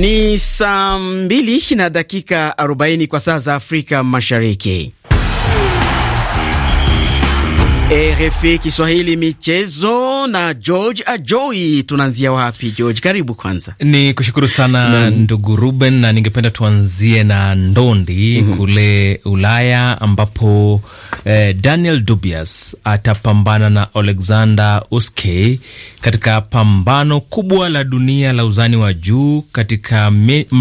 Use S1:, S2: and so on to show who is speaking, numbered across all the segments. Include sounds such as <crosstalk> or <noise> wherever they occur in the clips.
S1: Ni saa mbili na dakika arobaini kwa saa za Afrika Mashariki. RFI Kiswahili michezo na George Ajoi. Tunaanzia wapi George? Karibu. Kwanza
S2: ni kushukuru sana mm. ndugu Ruben, na ningependa tuanzie na ndondi mm -hmm. kule Ulaya ambapo eh, Daniel Dubias atapambana na Alexander Usyk katika pambano kubwa la dunia la uzani wa juu katika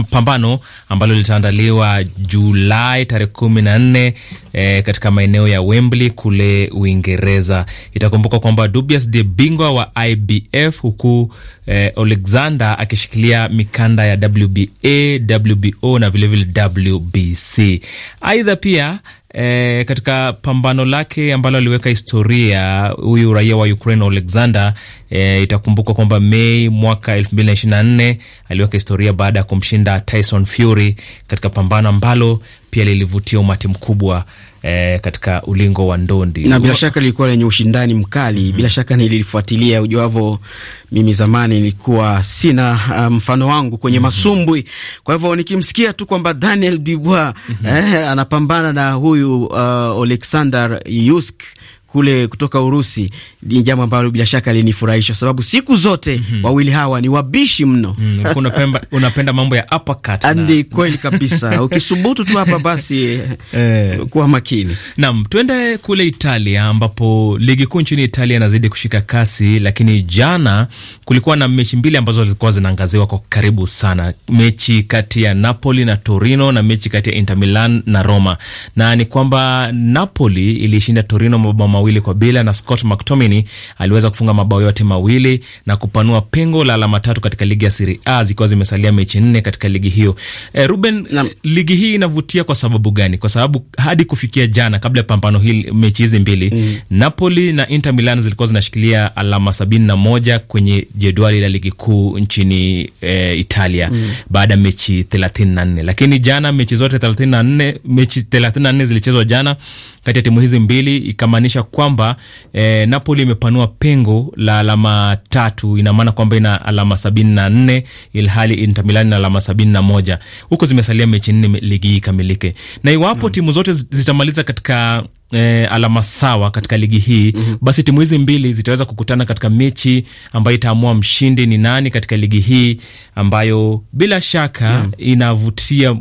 S2: pambano ambalo litaandaliwa Julai tarehe kumi na nne eh, katika maeneo ya Wembley kule Uingereza. Uingereza. Itakumbuka kwamba Dubias ndiye bingwa wa IBF huku eh, Alexander akishikilia mikanda ya WBA, WBO na vilevile vile WBC. Aidha pia E, katika pambano lake ambalo aliweka historia huyu raia wa Ukraine Alexander, e, itakumbuka kwamba Mei mwaka 2024 aliweka historia baada ya kumshinda Tyson Fury katika pambano ambalo pia lilivutia umati mkubwa eh, katika ulingo wa ndondi na bila
S1: shaka lilikuwa lenye ushindani mkali. mm -hmm. Bila shaka nililifuatilia, ujuavyo mimi zamani nilikuwa sina uh, mfano um, wangu kwenye mm -hmm. masumbwi. Kwa hivyo nikimsikia tu kwamba Daniel Dubois mm -hmm. eh, anapambana na huyu uh, Alexander Usyk kule kutoka Urusi ni jambo ambalo bila shaka linifurahisha, sababu siku zote mm -hmm. wawili hawa ni wabishi mno. mm, unapenda, <laughs> unapenda
S2: mambo ya uppercut na... kweli kabisa <laughs> ukisubutu tu hapa basi eh, eh. kuwa makini. nam tuende kule Italia ambapo ligi kuu nchini Italia inazidi kushika kasi, lakini jana kulikuwa na mechi mbili ambazo zilikuwa zinaangaziwa kwa karibu sana, mechi kati ya Napoli na Torino na mechi kati ya Inter Milan na Roma, na ni kwamba Napoli ilishinda Torino mabao mawili kwa bila na Scott McTominay aliweza kufunga mabao yote mawili na kupanua pengo la alama tatu katika ligi ya Serie A zikiwa zimesalia mechi nne katika ligi hiyo. E, Ruben na, ligi hii inavutia kwa sababu gani? Kwa sababu hadi kufikia jana kabla ya pambano hili mechi hizi mbili mm. Napoli na Inter Milan zilikuwa zinashikilia alama sabini na moja kwenye jedwali la ligi kuu nchini e, Italia mm. baada ya mechi thelathini na nne lakini jana mechi zote thelathini na nne mechi thelathini na nne zilichezwa jana kati ya timu hizi mbili ikamaanisha kwamba eh, Napoli imepanua pengo la alama tatu, ina maana kwamba ina alama sabini na nne ilhali Inter Milan na alama sabini na moja huku zimesalia mechi nne ligi hii ikamilike, na iwapo mm, timu zote zitamaliza katika E, alama sawa katika ligi hii mm -hmm. Basi timu hizi mbili zitaweza kukutana katika mechi ambayo itaamua mshindi ni nani katika ligi hii ambayo bila shaka mm -hmm. inavutia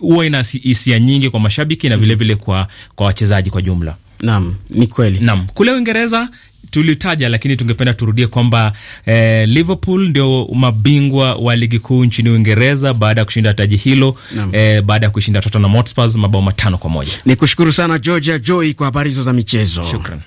S2: huwa ina hisia nyingi kwa mashabiki na vilevile mm-hmm. mm -hmm. vile kwa, kwa wachezaji kwa jumla. Naam, ni kweli. Naam, kule Uingereza tulitaja lakini tungependa turudie kwamba eh, Liverpool ndio mabingwa wa ligi kuu nchini Uingereza baada ya kushinda taji hilo eh, baada ya kuishinda Tottenham Hotspur mabao matano kwa moja.
S1: ni kushukuru sana Georgia Joy kwa habari hizo za michezo. Shukran.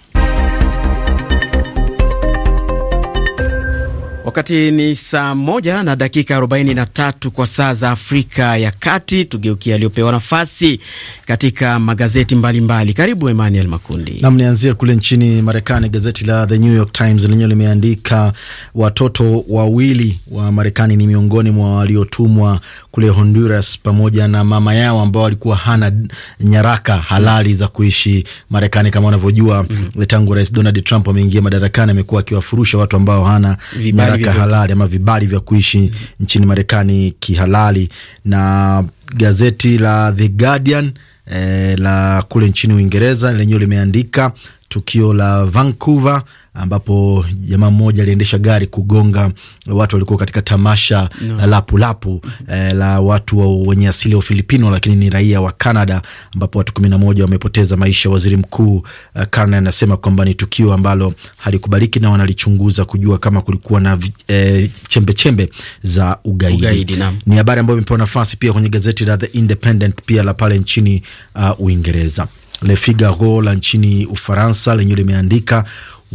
S1: Wakati ni saa moja na dakika 43 kwa saa za Afrika ya Kati. Tugeukia aliyopewa nafasi katika magazeti mbalimbali mbali. Karibu Emmanuel Makundi.
S3: Nam, nianzie kule nchini Marekani. Gazeti la The New York Times lenyewe limeandika watoto wawili wa Marekani ni miongoni mwa waliotumwa kule Honduras pamoja na mama yao ambao alikuwa hana nyaraka halali za kuishi Marekani kama unavyojua mm -hmm. Tangu Rais Donald Trump ameingia madarakani, amekuwa akiwafurusha watu ambao hana vibali nyaraka vibali halali ama vibali vya kuishi mm -hmm. nchini Marekani kihalali. Na gazeti la The Guardian eh, la kule nchini Uingereza lenyewe limeandika tukio la Vancouver ambapo jamaa mmoja aliendesha gari kugonga watu walikuwa katika tamasha no. la Pulapu eh, la watu wa wenye asili ya Ufilipino lakini ni raia wa Canada, ambapo watu kumi na moja wamepoteza maisha. Waziri Mkuu eh, Carney anasema kwamba ni tukio ambalo halikubaliki na wanalichunguza kujua kama kulikuwa na eh, chembe za ugaidi, ugaidi na. Ni habari ambayo imepewa nafasi pia kwenye gazeti la The Independent pia la pale nchini uh, Uingereza. Le Figaro la nchini Ufaransa lenyewe limeandika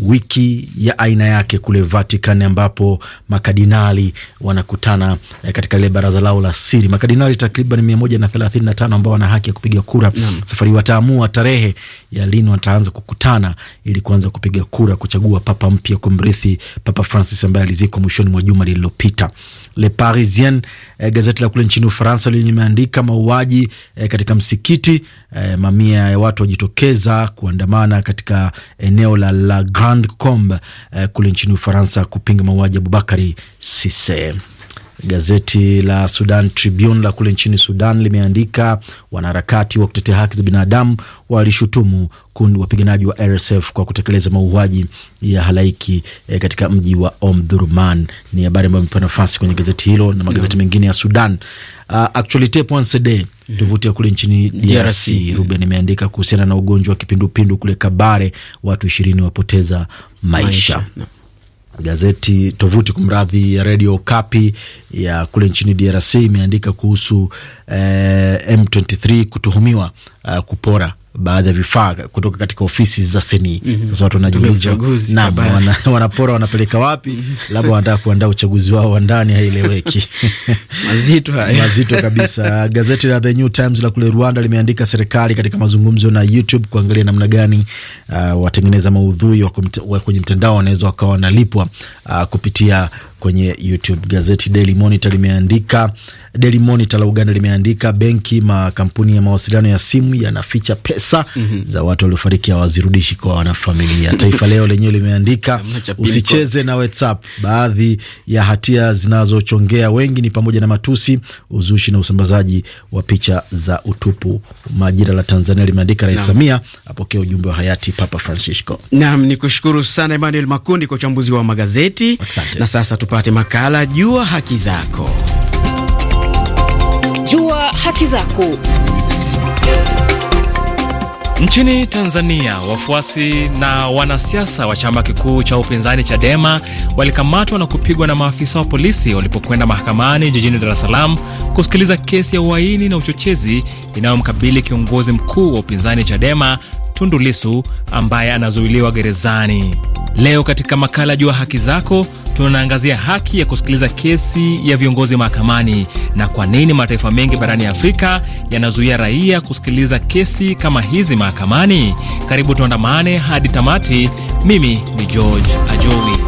S3: wiki ya aina yake kule Vatican, ambapo makadinali wanakutana eh, katika lile baraza lao la siri. Makadinali takriban mia moja na thelathini na tano ambao wana haki ya kupiga kura mm. Safari wataamua tarehe ya lini wataanza kukutana ili kuanza kupiga kura kuchagua papa mpya kumrithi Papa Francis ambaye alizikwa mwishoni mwa juma lililopita. Le Parisien, eh, gazeti la kule nchini Ufaransa lenye imeandika mauaji eh, katika msikiti eh, mamia ya watu wajitokeza kuandamana katika eneo la la Grand Combe eh, kule nchini Ufaransa kupinga mauaji ya Abubakari Sise. Gazeti la Sudan Tribune la kule nchini Sudan limeandika wanaharakati wa kutetea haki za binadamu walishutumu kundi wapiganaji wa RSF kwa kutekeleza mauaji ya halaiki e, katika mji wa Omdurman. Ni habari ambayo imepewa nafasi kwenye gazeti hilo na magazeti yeah. mengine ya Sudan. Uh, actualite.cd tovuti ya kule nchini mm. DRC Ruben imeandika kuhusiana na ugonjwa wa kipindupindu kule Kabare, watu ishirini wapoteza maisha, maisha. No. Gazeti tovuti kumradhi ya redio Kapi ya kule nchini DRC imeandika kuhusu eh, M23 kutuhumiwa eh, kupora baadhi ya vifaa kutoka katika ofisi za seni. mm -hmm. Sasa watu wanajiuliza na wana, wanapora wanapeleka wapi? Mhm. labda wanataka kuandaa uchaguzi wao wa ndani, haieleweki. <laughs> mazito haya, mazito kabisa. <laughs> Gazeti la The New Times la kule Rwanda limeandika serikali katika mazungumzo na YouTube kuangalia namna gani uh, watengeneza maudhui wa kwenye mtandao wanaweza wakawa wanalipwa uh, kupitia kwenye YouTube. Gazeti Daily Monitor limeandika, Daily Monitor la Uganda limeandika benki, makampuni ya mawasiliano ya simu yanaficha pesa mm -hmm. za watu waliofariki hawazirudishi kwa wanafamilia. <laughs> Taifa Leo lenyewe limeandika usicheze na WhatsApp, baadhi ya hatia zinazochongea wengi ni pamoja na matusi, uzushi na usambazaji wa picha za utupu. Majira la Tanzania limeandika Rais Samia apokea ujumbe wa hayati Papa Francisco.
S1: Naam, nikushukuru sana Emmanuel Makundi kwa uchambuzi wa magazeti Na sasa tupate makala Jua Haki Zako. Jua Haki Zako.
S2: Nchini Tanzania, wafuasi na wanasiasa wa chama kikuu cha upinzani Chadema walikamatwa na kupigwa na maafisa wa polisi walipokwenda mahakamani jijini Dar es Salaam kusikiliza kesi ya uhaini na uchochezi inayomkabili kiongozi mkuu wa upinzani Chadema Tundu Lissu ambaye anazuiliwa gerezani. Leo katika makala juu ya haki zako tunaangazia haki ya kusikiliza kesi ya viongozi mahakamani na kwa nini mataifa mengi barani Afrika yanazuia raia kusikiliza kesi kama hizi mahakamani. Karibu tuandamane hadi tamati. Mimi ni George Ajowi.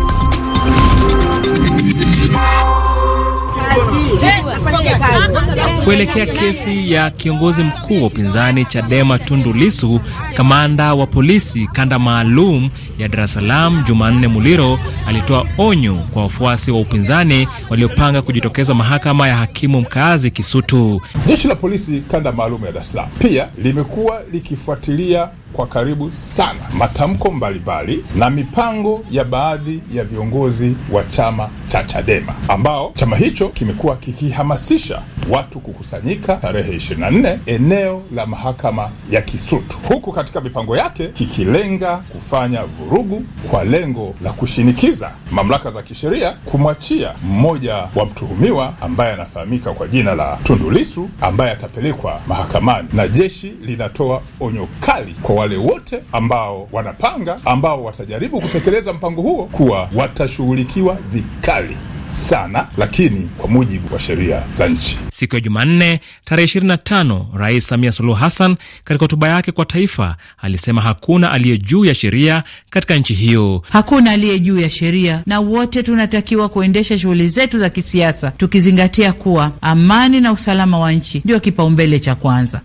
S2: kuelekea kesi ya kiongozi mkuu wa upinzani Chadema Tundu Lisu, Kamanda wa polisi kanda maalum ya Dar es Salaam Jumanne Muliro alitoa onyo kwa wafuasi wa upinzani waliopanga kujitokeza mahakama ya hakimu mkaazi Kisutu.
S4: Jeshi la polisi kanda maalum ya Dar es Salaam pia limekuwa likifuatilia kwa karibu sana matamko mbalimbali na mipango ya baadhi ya viongozi wa chama cha Chadema ambao chama hicho kimekuwa kikihamasisha watu kukusanyika tarehe 24 eneo la mahakama ya Kisutu, huku katika mipango yake kikilenga kufanya vurugu kwa lengo la kushinikiza mamlaka za kisheria kumwachia mmoja wa mtuhumiwa ambaye anafahamika kwa jina la Tundu Lissu ambaye atapelekwa mahakamani, na jeshi linatoa onyo kali kwa wale wote ambao wanapanga, ambao watajaribu kutekeleza mpango huo kuwa watashughulikiwa vikali sana, lakini kwa mujibu wa sheria za nchi.
S2: Siku ya Jumanne tarehe 25, Rais Samia Suluhu Hassan katika hotuba yake kwa taifa alisema hakuna aliye juu ya sheria katika nchi hiyo. Hakuna aliye juu ya
S1: sheria, na wote tunatakiwa kuendesha shughuli zetu za kisiasa tukizingatia kuwa amani na usalama wa nchi ndio kipaumbele cha kwanza.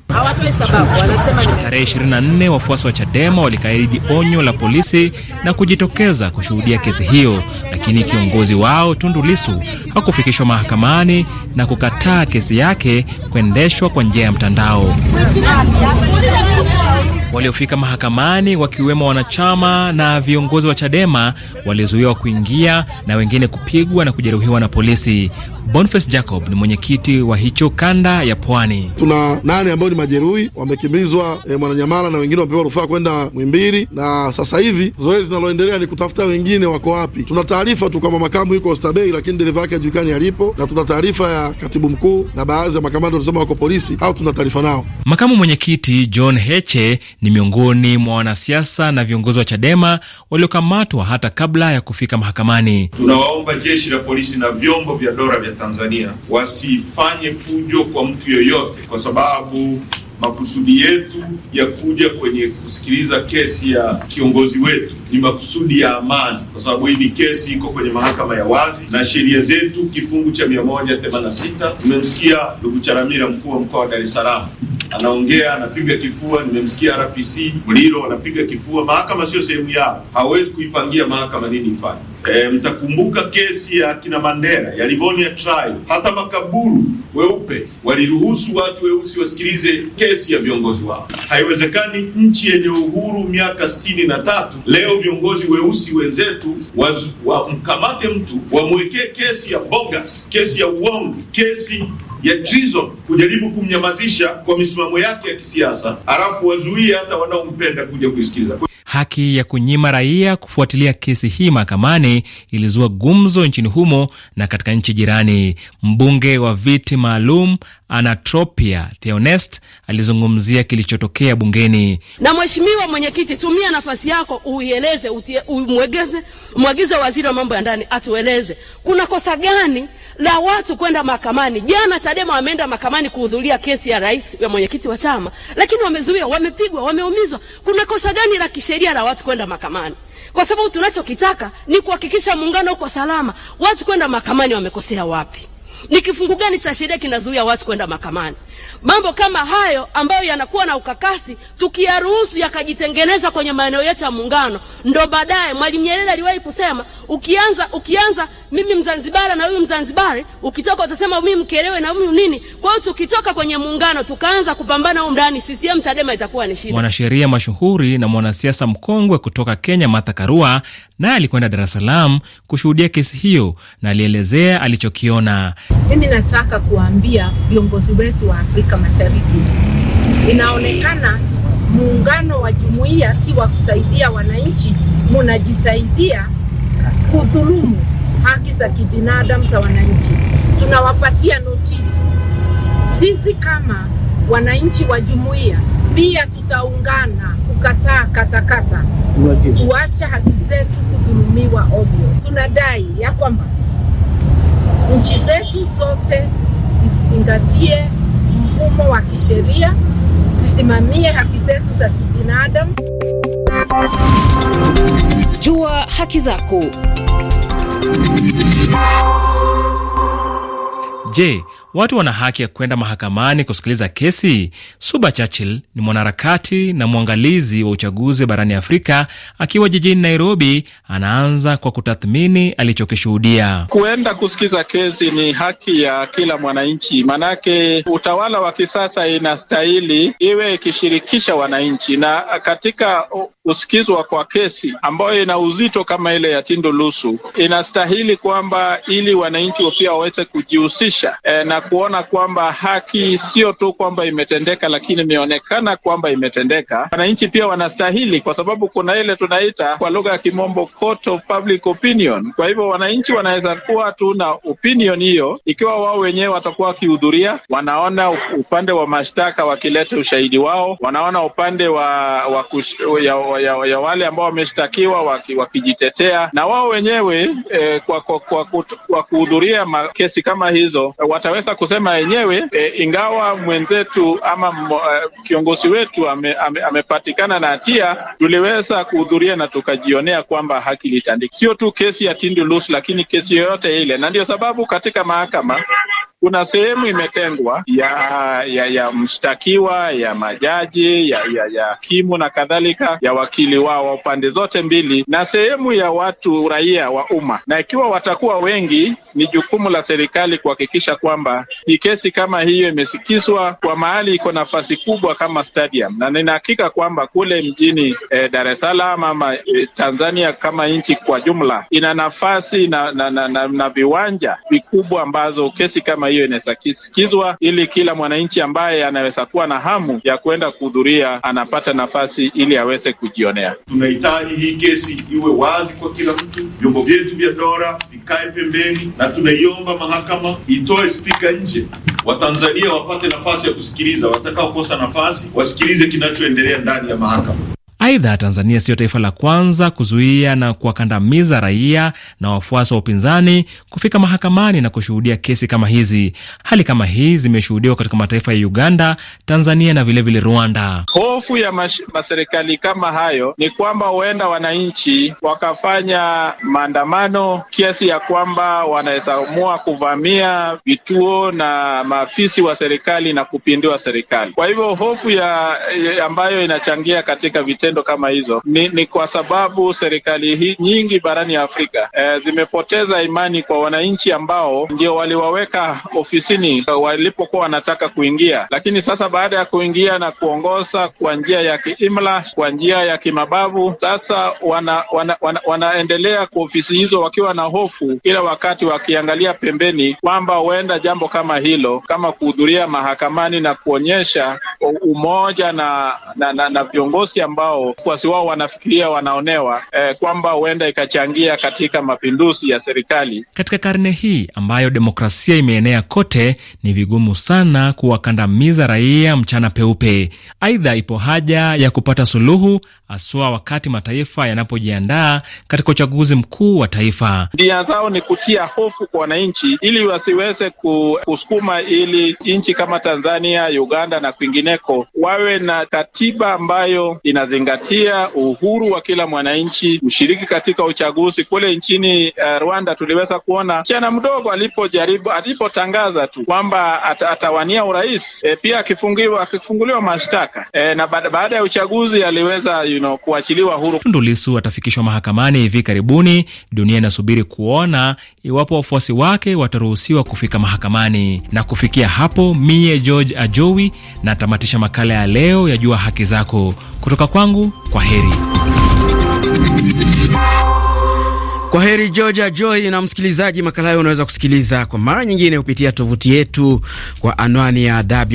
S2: Tarehe 24, wafuasi wa Chadema walikaidi onyo la polisi na kujitokeza kushuhudia kesi hiyo, lakini kiongozi wao Tundu Lisu hakufikishwa mahakamani na kukataa kesi kesi yake kuendeshwa kwa njia ya mtandao. Waliofika mahakamani wakiwemo wanachama na viongozi wa Chadema waliozuiwa kuingia na wengine kupigwa na kujeruhiwa na polisi. Boniface Jacob ni mwenyekiti wa hicho kanda ya Pwani.
S3: Tuna nane ambao ni majeruhi wamekimbizwa e, Mwananyamala na wengine wamepewa rufaa kwenda Mwimbili, na sasa hivi zoezi linaloendelea ni kutafuta wengine wako wapi. Tuna taarifa tu kwamba makamu yuko Oysterbay, lakini dereva yake hajulikani alipo, na tuna taarifa ya katibu mkuu na baadhi ya makamanda wanasema wako polisi au tuna taarifa nao.
S2: Makamu mwenyekiti John Heche ni miongoni mwa wanasiasa na viongozi wa Chadema waliokamatwa hata kabla ya kufika mahakamani.
S5: Tunawaomba jeshi la polisi na vyombo vya dola vya Tanzania wasifanye fujo kwa mtu yoyote, kwa sababu makusudi yetu ya kuja kwenye kusikiliza kesi ya kiongozi wetu ni makusudi ya amani, kwa sababu hii ni kesi iko kwenye mahakama ya wazi na sheria zetu kifungu cha 186. Tumemsikia ndugu Charamira, mkuu wa mkoa wa Dar es Salaam anaongea anapiga kifua. Nimemsikia RPC Muliro wanapiga kifua. Mahakama sio sehemu yao, hawezi kuipangia mahakama nini ifanye. E, mtakumbuka kesi ya kina Mandela ya Livonia trial, hata makaburu weupe waliruhusu watu weusi wasikilize kesi ya viongozi wao. Haiwezekani nchi yenye uhuru miaka sitini na tatu leo viongozi weusi wenzetu wamkamate wa mtu wamwekee kesi ya bogus, kesi ya uongo, kesi ya treason, kujaribu kumnyamazisha kwa misimamo yake ya kisiasa, alafu wazuie hata wanaompenda kuja kuisikiliza.
S2: Haki ya kunyima raia kufuatilia kesi hii mahakamani ilizua gumzo nchini humo na katika nchi jirani. Mbunge wa viti maalum Anatropia Theonest alizungumzia kilichotokea bungeni.
S1: Na mheshimiwa mwenyekiti, tumia nafasi yako uieleze, umwegeze, mwagize waziri wa mambo ya ndani atueleze kuna kosa gani la watu kwenda mahakamani. Jana Chadema wameenda mahakamani kuhudhuria kesi ya rais ya mwenyekiti wa chama, lakini wamezuia, wamepigwa, wameumizwa. Kuna kosa gani la kisheria la watu kwenda mahakamani? Kwa sababu tunachokitaka ni kuhakikisha muungano uko salama. Watu kwenda mahakamani wamekosea wapi? Ni kifungu gani cha sheria kinazuia watu kwenda mahakamani? Mambo kama hayo ambayo yanakuwa na ukakasi, tukiyaruhusu yakajitengeneza kwenye maeneo yetu ya Muungano, ndo baadaye Mwalimu Nyerere aliwahi kusema, ukianza ukianza mimi Mzanzibari na huyu Mzanzibari, ukitoka utasema mimi Mkelewe na huyu nini. Kwa hiyo tukitoka kwenye Muungano tukaanza kupambana huko ndani, CCM Chadema itakuwa ni shida. Mwanasheria
S2: mashuhuri na mwanasiasa mkongwe kutoka Kenya, Martha Karua, naye alikwenda Dar es Salaam kushuhudia kesi hiyo na alielezea alichokiona.
S1: Mimi nataka kuambia viongozi wetu wa Afrika Mashariki, inaonekana muungano wa jumuiya si wa kusaidia wananchi, munajisaidia kudhulumu haki za kibinadamu za wananchi. Tunawapatia notisi. Sisi kama wananchi wa jumuiya pia tutaungana kukataa katakata, kuacha haki zetu kudhulumiwa ovyo. Tunadai ya kwamba nchi zetu zote zizingatie mfumo wa kisheria, zisimamie haki zetu za kibinadamu. Jua haki zako.
S2: Je, watu wana haki ya kwenda mahakamani kusikiliza kesi. Suba Churchill ni mwanaharakati na mwangalizi wa uchaguzi barani Afrika. Akiwa jijini Nairobi, anaanza kwa kutathmini alichokishuhudia.
S6: Kuenda kusikiza kesi ni haki ya kila mwananchi, maanake utawala wa kisasa inastahili iwe ikishirikisha wananchi, na katika kusikizwa kwa kesi ambayo ina uzito kama ile ya tindo lusu inastahili kwamba ili wananchi pia waweze kujihusisha e, na kuona kwamba haki sio tu kwamba imetendeka, lakini imeonekana kwamba imetendeka. Wananchi pia wanastahili, kwa sababu kuna ile tunaita kwa lugha ya kimombo court of public opinion. Kwa hivyo wananchi wanaweza kuwa tu na opinion hiyo, ikiwa wao wenyewe watakuwa wakihudhuria, wanaona upande wa mashtaka wakileta ushahidi wao, wanaona upande wa, wa kush, ya, ya, ya wale ambao wameshtakiwa waki, wakijitetea na wao wenyewe eh, kwa, kwa, kwa, kwa kuhudhuria kesi kama hizo wataweza kusema wenyewe eh, ingawa mwenzetu ama mmo, eh, kiongozi wetu amepatikana ame, amepatikana na hatia, tuliweza kuhudhuria na tukajionea kwamba haki litandika, sio tu kesi ya Tundu Lissu, lakini kesi yoyote ile, na ndio sababu katika mahakama kuna sehemu imetengwa ya, ya, ya mshtakiwa ya majaji ya, ya, ya hakimu na kadhalika ya wakili wao wa pande zote mbili na sehemu ya watu raia wa umma, na ikiwa watakuwa wengi, ni jukumu la serikali kuhakikisha kwamba ni kesi kama hiyo imesikizwa kwa mahali iko nafasi kubwa kama stadium, na ninahakika kwamba kule mjini eh, Dar es Salaam ama eh, Tanzania kama nchi kwa jumla ina nafasi na, na, na, na, na viwanja vikubwa ambazo kesi kama hiyo inasikizwa, ili kila mwananchi ambaye anaweza kuwa na hamu ya kwenda kuhudhuria anapata nafasi ili aweze kujionea.
S5: Tunahitaji hii kesi iwe wazi kwa kila mtu, vyombo vyetu vya dola vikae pembeni, na tunaiomba mahakama itoe spika nje, Watanzania wapate nafasi ya kusikiliza. Watakaokosa nafasi wasikilize kinachoendelea ndani ya mahakama.
S2: Aidha, Tanzania siyo taifa la kwanza kuzuia na kuwakandamiza raia na wafuasi wa upinzani kufika mahakamani na kushuhudia kesi kama hizi. Hali kama hii zimeshuhudiwa katika mataifa ya Uganda, Tanzania na vilevile vile Rwanda.
S6: Hofu ya maserikali kama hayo ni kwamba huenda wananchi wakafanya maandamano kiasi ya kwamba wanaweza amua kuvamia vituo na maafisi wa serikali na kupindua serikali. Kwa hivyo hofu ya ambayo inachangia katika vitendo vitendo kama hizo ni, ni kwa sababu serikali hii nyingi barani Afrika e, zimepoteza imani kwa wananchi ambao ndio waliwaweka ofisini walipokuwa wanataka kuingia, lakini sasa baada ya kuingia na kuongoza kwa njia ya kiimla, kwa njia ya kimabavu, sasa wana, wana, wana, wanaendelea kwa ofisi hizo wakiwa na hofu kila wakati, wakiangalia pembeni kwamba huenda jambo kama hilo kama kuhudhuria mahakamani na kuonyesha umoja na, na, na, na viongozi ambao wao wafuasi wao wanafikiria wanaonewa, eh, kwamba huenda ikachangia katika mapinduzi ya serikali.
S2: Katika karne hii ambayo demokrasia imeenea kote, ni vigumu sana kuwakandamiza raia mchana peupe. Aidha, ipo haja ya kupata suluhu, haswa wakati mataifa yanapojiandaa katika uchaguzi mkuu wa taifa.
S6: Njia zao ni kutia hofu kwa wananchi ili wasiweze kusukuma, ili nchi kama Tanzania, Uganda na kwingineko wawe na katiba ambayo inazingatia kuzingatia uhuru wa kila mwananchi ushiriki katika uchaguzi. Kule nchini uh, Rwanda tuliweza kuona chana mdogo alipojaribu alipotangaza tu kwamba at, atawania urais e, pia akifungiwa akifunguliwa mashtaka e, na baada ya uchaguzi aliweza you know, kuachiliwa huru. Tundu
S2: Lissu atafikishwa mahakamani hivi karibuni. Dunia inasubiri kuona iwapo wafuasi wake wataruhusiwa kufika mahakamani. Na kufikia hapo, mie George Ajowi natamatisha makala ya leo ya Jua Haki Zako. Kutoka kwangu, kwa heri. Kwa heri Georgia
S1: Joy na msikilizaji, makala hayo unaweza kusikiliza kwa mara nyingine kupitia tovuti yetu kwa anwani ya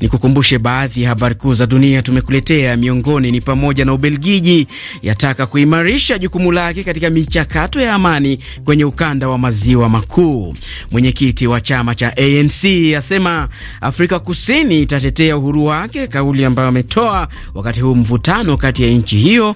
S1: ni kukumbushe baadhi ya habari kuu za dunia tumekuletea, miongoni ni pamoja na Ubelgiji yataka kuimarisha jukumu lake katika michakato ya amani kwenye ukanda wa maziwa makuu. Mwenyekiti wa chama cha ANC asema Afrika Kusini itatetea uhuru wake, kauli ambayo ametoa wakati huu mvutano kati ya nchi hiyo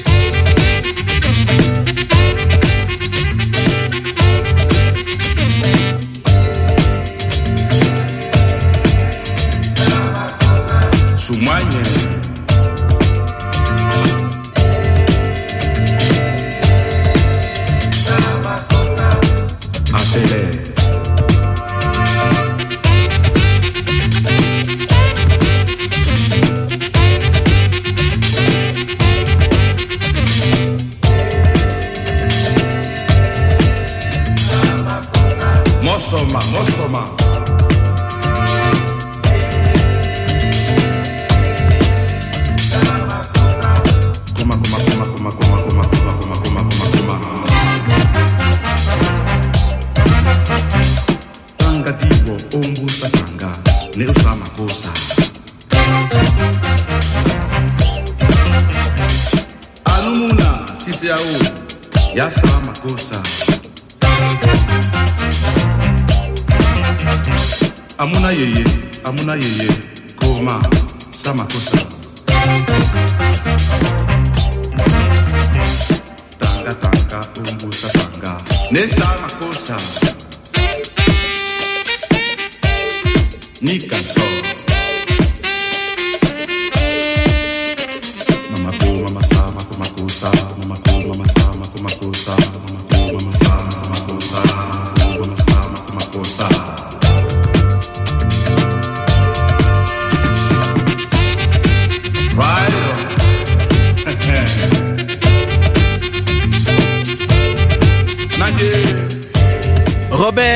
S4: Сумания.
S5: anumuna sisi yao yasa makosa amuna yeye amuna yeye koma sa makosa tanga tanga umbusa tanga nesa makosa ni canción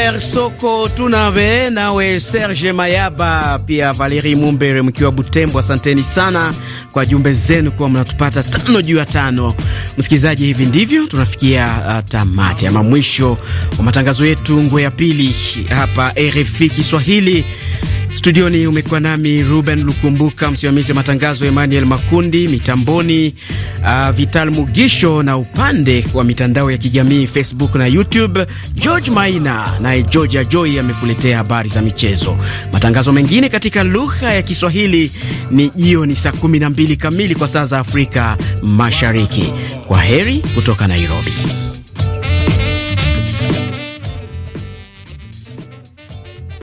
S1: Robert Soko Tunabe, nawe Serge Mayaba, pia Valeri Mumbere mkiwa Butembo, asanteni sana kwa jumbe zenu, kuwa mnatupata tano juu ya tano. Msikilizaji, hivi ndivyo tunafikia uh, tamati ama mwisho wa matangazo yetu ngwe ya pili hapa RFI Kiswahili. Studioni umekuwa nami Ruben Lukumbuka, msimamizi wa matangazo Emmanuel Makundi, mitamboni uh, Vital Mugisho, na upande wa mitandao ya kijamii Facebook na YouTube George Maina, naye Georgia Joi amekuletea habari za michezo. Matangazo mengine katika lugha ya Kiswahili ni jioni saa 12 kamili kwa saa za Afrika Mashariki. Kwa heri kutoka Nairobi.